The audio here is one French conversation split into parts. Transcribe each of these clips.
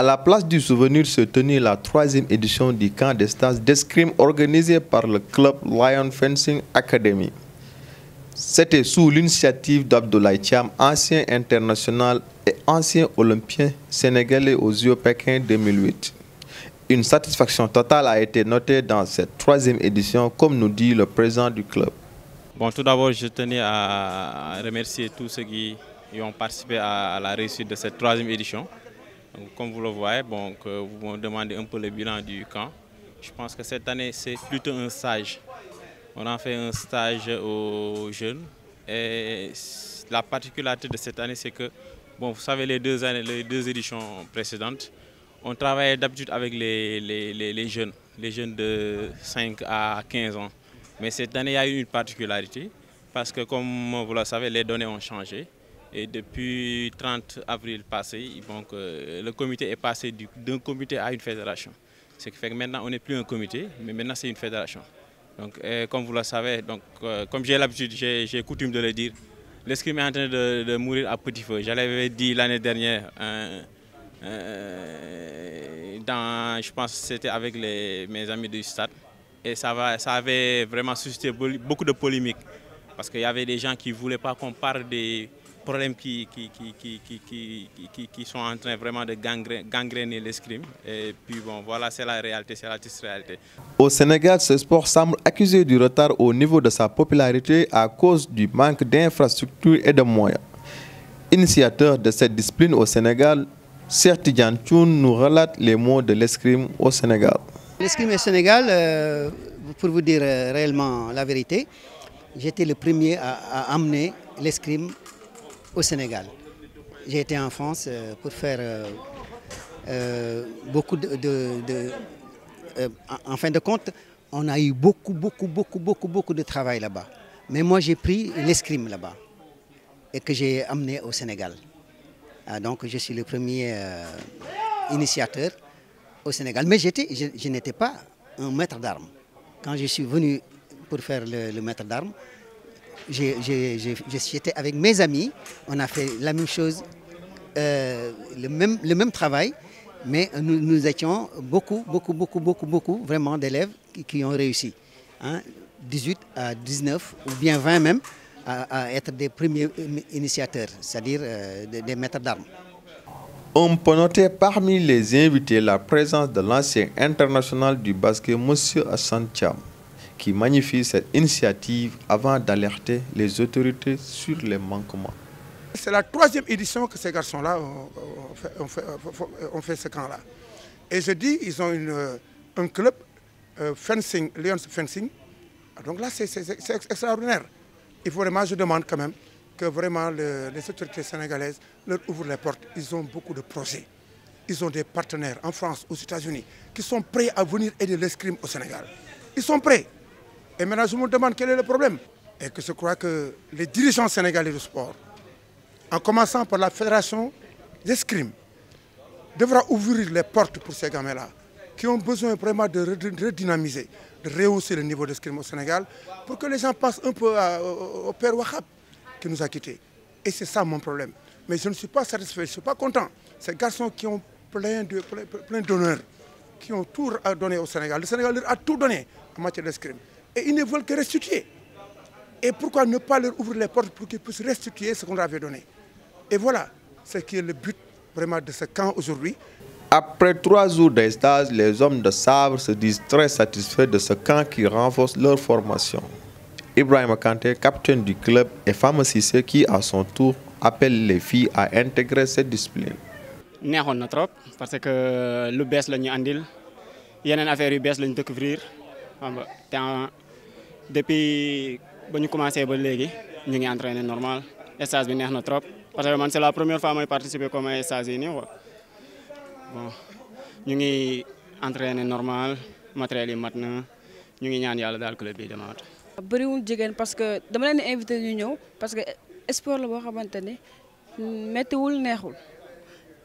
À la place du souvenir se tenait la troisième édition du camp d'estance d'escrime organisé par le club Lion Fencing Academy. C'était sous l'initiative d'Abdoulaye Thiam, ancien international et ancien olympien sénégalais aux yeux Pékin 2008. Une satisfaction totale a été notée dans cette troisième édition, comme nous dit le président du club. Bon, tout d'abord, je tenais à remercier tous ceux qui ont participé à la réussite de cette troisième édition comme vous le voyez, vous me demandez un peu le bilan du camp. Je pense que cette année, c'est plutôt un stage. On a fait un stage aux jeunes. la particularité de cette année, c'est que, bon, vous savez, les deux, années, les deux éditions précédentes, on travaillait d'habitude avec les, les, jeunes, les jeunes de 5 à 15 ans. Mais cette année, il y a eu une particularité, parce que comme vous le savez, les données ont changé. Et depuis 30 avril passé, donc, euh, le comité est passé d'un comité à une fédération. Ce qui fait que maintenant, on n'est plus un comité, mais maintenant, c'est une fédération. Donc, comme vous le savez, donc, euh, comme j'ai l'habitude, j'ai coutume de le dire, l'escrime est en train de, mourir à petit feu. J'avais dit l'année dernière, hein, euh, dans, je pense que c'était avec les, mes amis du stade, et ça, va, ça avait vraiment suscité beaucoup de polémiques, parce qu'il y avait des gens qui ne voulaient pas qu'on parle des problèmes qui, qui, sont en train vraiment de gangréner l'escrime. Et puis bon, voilà, c'est la réalité, c'est la triste réalité. Au Sénégal, ce sport semble accusé du retard au niveau de sa popularité à cause du manque d'infrastructures et de moyens. Initiateur de cette discipline au Sénégal, Serti Djantoun nous relate les mots de l'escrime au Sénégal. L'escrime au Sénégal, euh, pour vous dire euh, réellement la vérité, j'étais le premier à, à amener l'escrime au Sénégal. J'ai été en France euh, pour faire euh, euh, beaucoup de... en fin de compte, on a eu beaucoup, beaucoup, beaucoup, beaucoup, beaucoup de travail là-bas. Mais moi, j'ai pris l'escrime là-bas et que j'ai amené au Sénégal. Ah, donc, je suis le premier initiateur au Sénégal. Mais je, je n'étais pas un maître d'armes. Quand je suis venu pour faire le maître d'armes, j'étais avec mes amis, on a fait la même chose, euh, le, même, travail, mais nous, étions beaucoup, beaucoup, beaucoup, beaucoup, beaucoup vraiment d'élèves qui, ont réussi. 18 hein. à 19, ou bien 20 même, à, être des premiers initiateurs, c'est-à-dire euh, des, maîtres d'armes. On peut noter parmi les invités la présence de l'ancien international du basket, M. Hassan Cham qui magnifie cette initiative avant d'alerter les autorités sur les manquements. C'est la troisième édition que ces garçons-là ont fait, ce camp-là. Et je dis, ils ont un club, euh, fencing, Lions Fencing. Donc là, c'est extraordinaire. Il faut vraiment, je demande quand même, que vraiment les autorités sénégalaises leur ouvrent les portes. Ils ont beaucoup de projets. Ils ont des partenaires en France, aux États-Unis, qui sont prêts à venir aider l'escrime au Sénégal. Ils sont prêts. Et maintenant, je me demande quel est le problème. Et que je crois que les dirigeants sénégalais du sport, en commençant par la fédération d'escrime, devra ouvrir les portes pour ces gamins-là, qui ont besoin vraiment de redynamiser, de rehausser le niveau d'escrime au Sénégal, pour que les gens passent un peu au, père Wahab qui nous a quittés. Et c'est ça mon problème. Mais je ne suis pas satisfait, je ne suis pas content. Ces garçons qui ont plein d'honneur, plein, qui ont tout à donner au Sénégal. Le Sénégal a tout donné en matière d'escrime. Et ils ne veulent que restituer. Et pourquoi ne pas leur ouvrir les portes pour qu'ils puissent restituer ce qu'on leur avait donné Et voilà ce qui est le but vraiment de ce camp aujourd'hui. Après trois jours d'estase, les hommes de Sabre se disent très satisfaits de ce camp qui renforce leur formation. Ibrahim Kanté, capitaine du club, et Femme qui, à son tour, appelle les filles à intégrer cette discipline. Nous na trop parce que le nous la andil y a yu à découvrir depuis ba ñu commencé ba léegi ñu ngi entraîné normal stage bi neex na trop parce que man c'est la première fois may participer comme ay stage yi nii bon ñu ngi entraîné normal matériel yi mat na ñu ngi ñaan yàlla daal club bi demaat. bëriwul jigéen parce que dama leen invité ñu ñëw parce que sport la boo xamante ni méttiwul neexul.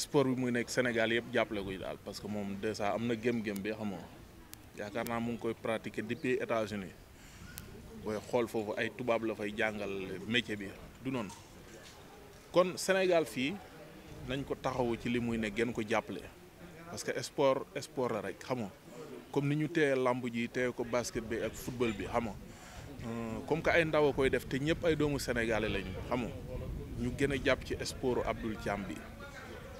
sport bi muy nekk Sénégal yëpp jàppale ko daal parce que moom dèjà am na gém-gém bi xamoo yaakaar naa mu ngi koy pratiquer depuis États-Unis booy xool foofu ay tubaab la fay jàngal métier bi du noonu kon Sénégal fii nañ ko taxawu ci li muy ne gën ko jàppale parce que sport sport la rek xam nga comme ni ñu téye lamb ji téye ko basket bi ak football bi xam nga euh, comme que ay ndaw a koy def te ñëpp ay doomu sénégalais lañu xam nga ñu gën a jàpp ci sportu Abdoul Thiam bi.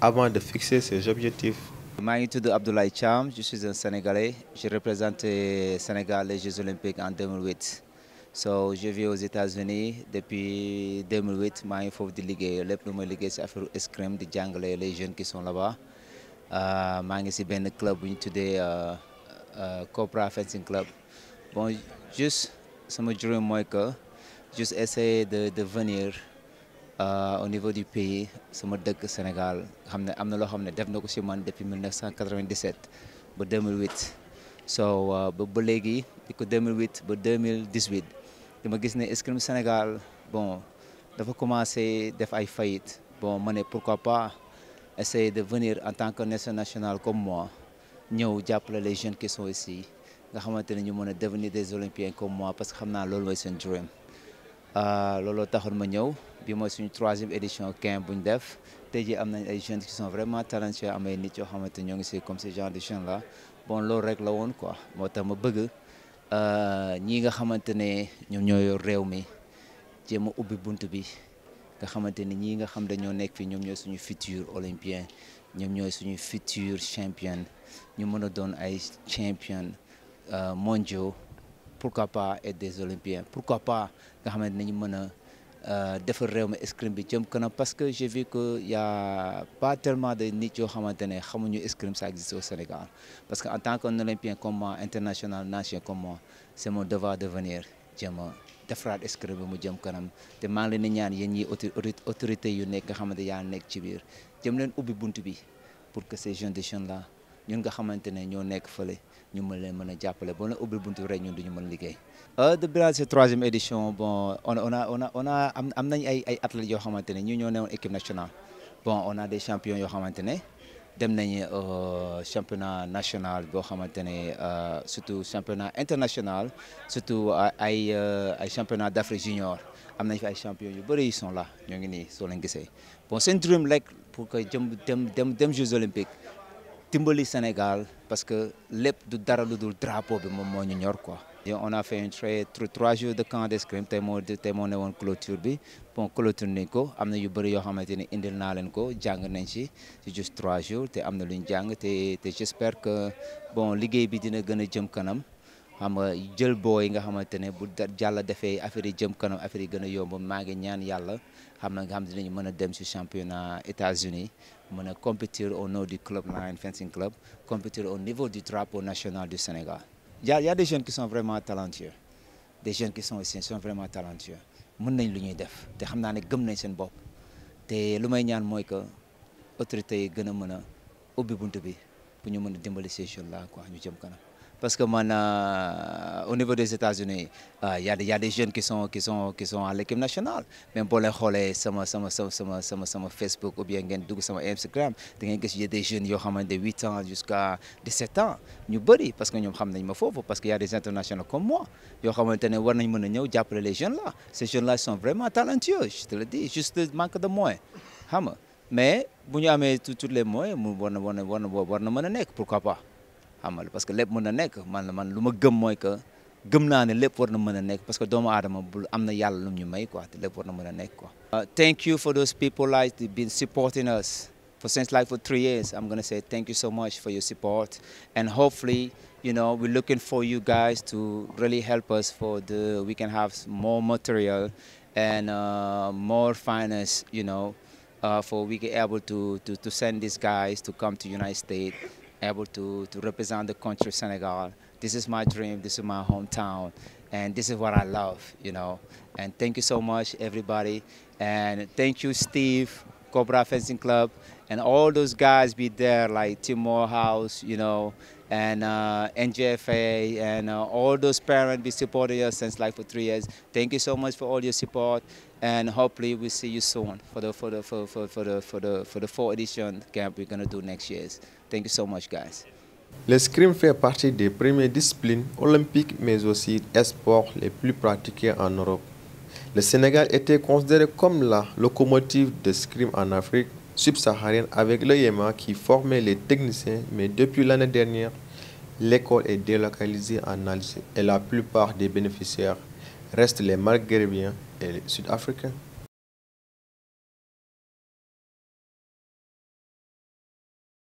avant de fixer ses objectifs. Je Abdoulaye Cham, je suis un Sénégalais. Je représenté le Sénégal les Jeux Olympiques en 2008. So, je vis aux États-Unis depuis 2008. Je suis de ligue. Le premier ligue, c'est affaire escrime de jungle, les jeunes qui sont là-bas. Je suis dans un club, de euh, euh, Cobra Fencing Club. Bon, juste, ça me dirait moins que essayer de venir. Euh, au niveau du pays sama dëkk Sénégal xam ne am na def man depuis 1997 ba 2008 so euh, ba en léegi di ko 2008 ba 2018 ce que le Sénégal bon dafa commencé def ay faillites. bon ma pourquoi pas essayer de venir en tant que national comme moi ñëw appeler les jeunes qui sont ici nga xamante ne ñu devenir des olympiens comme moi parce que xam un rêve. C'est ce dream je suis venu bi mooy suñu troisième édition quinze bu ñu def tey jii am nañ ay jeunes qui sont vraiment talentueux am ay nit yoo xamante ñoo ngi si comme ce bon loolu rek la woon quoi moo tax ma bëgg euh, ñii nga xamante ne ñoom ñoo yor réew mi jéem a ubbi bunt bi nga xamante ni ñii nga xam dañoo nekk fi ñoom ñooy suñu futur olympien ñoom ñooy suñu futur champion ñu mën a doon ay champion euh, mondiaux pourquoi pas être des pour pourquoi pas nga xamante ñu mën a Je euh, escrime parce que j'ai vu qu'il y a pas tellement de gens qui existe au Sénégal parce qu'en tant qu'un olympien comme moi international nation comme moi c'est mon devoir de venir Je escrime bi mu pour que ces jeunes de jeunes là ñun nga xamantene ñoo nekk fële ñu mën leen mën a jàppale boo leen ubbil buntu rek ñun duñu mën liggéey. Euh, de Bilal c'est troisième édition bon on on a on a on a am am nañ ay ay athlètes yoo xamante ne ñu ñoo newoon équipe nationale bon on a des champions yoo xamante ne dem euh, championnat national boo xamante ne euh, surtout championnat international surtout ay euh, ay championnat d'Afrique junior am nañ fi ay champions yu bëri yu sont là ñoo ngi nii soo leen gisee bon seen dream rek pour que jëm dem dem dem Jeux olympiques dimbali Sénégal parce que lépp du dara lu drapeau bi mom mo ñu ñor quoi. on a fait un très trois jours de camp d'escrime tay mo tey moo ne clôture bi bon clôture nañ ko am yu bëri yo xamanteni ne indil naa leen ko jang nañ ci ci juste trois jours té amna na jang té té j'espère que bon liguey bi dina gëna jëm kanam xam nga jël boo nga xamantene ne bu jàlla defee affaire yi jëm kanam affaire yi gën a yomb maa ngi ñaan yàlla xam na nga xam dinañu mën a dem ci championnat États-Unis mën a compétir au nom du club Lion Fencing Club compétir au niveau du drapeau national du Sénégal y a y a des jeunes qui sont vraiment talentueux des jeunes qui sont aussi sont vraiment talentueux mën nañ lu ñuy def te xam naa ne gëm nañ seen bopp te lu may ñaan mooy que autorités yi gën a mën a ubbi bunt bi pour ñu mën a dimbali ces jeunes là quoi ñu jëm kanam parce que au niveau des États-Unis, il euh, y, y, a des jeunes qui sont, qui sont, qui sont à l'équipe nationale. Même pour les sont sur mon Facebook ou bien sur Instagram, il y a des jeunes qui ont de 8 ans jusqu'à 17 ans. Nous sommes parce que nous parce qu'il y a des internationaux comme moi. Ils ont a des les jeunes là. Ces jeunes là sont vraiment talentueux, je te le dis, juste manque de moyens. Mais si nous avons tous les moyens, nous devons pourquoi pas. parce que lépp man man gëm que gëm ne lépp war na parce que doomu yàlla lu ñu may quoi lépp war na uh, thank you for those people like been supporting us for since like for three years I'm gonna say thank you so much for your support and hopefully you know we're looking for you guys to really help us for the we can have more material and uh, more finance you know uh, for we can able to, to to send these guys to come to United States able to, to represent the country Senegal. This is my dream, this is my hometown, and this is what I love, you know. And thank you so much, everybody. And thank you, Steve, Cobra Fencing Club, and all those guys be there, like Tim Morehouse, you know, and uh, NJFA, and uh, all those parents be supporting us since like for three years. Thank you so much for all your support, and hopefully we will see you soon for the for the for, for, for the for the for the fourth edition camp we're gonna do next year. Thank you so much, guys. L'escrime fait partie des premières disciplines olympiques, mais aussi des sports les plus pratiqués en Europe. Le Sénégal était considéré comme la locomotive de scrim en Afrique subsaharienne avec le Yémen qui formait les techniciens, mais depuis l'année dernière, l'école est délocalisée en Algérie et la plupart des bénéficiaires restent les Maghrébins et les Sud-Africains.